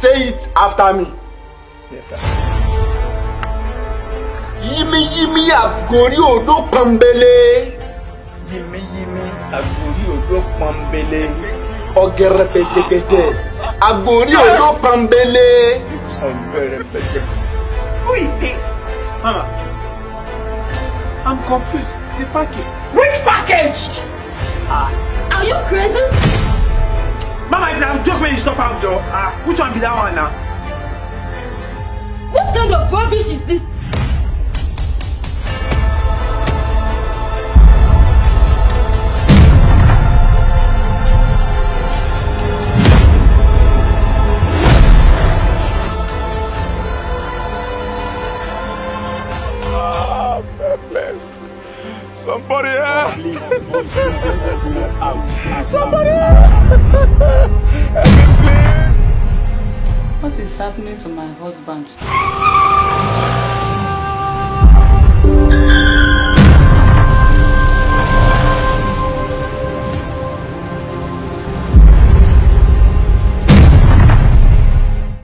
Say it after me. Yes, sir. yimi agori odo pambele. Yimi yimi agori odo pambele. pẹ̀tẹ̀pẹ̀tẹ̀. Àgórí odó pọ́nbélé. Ọ̀gẹ̀rẹ̀ pẹ̀tẹ̀. Who is this? Mama, I'm confused. The package. Which package? Ah. Are you crazy? the joke wey you stop out door ah which one be that one now? what kind of rubbish is this. Somebody else! Please, please, please, please, please, out. happening to my husband.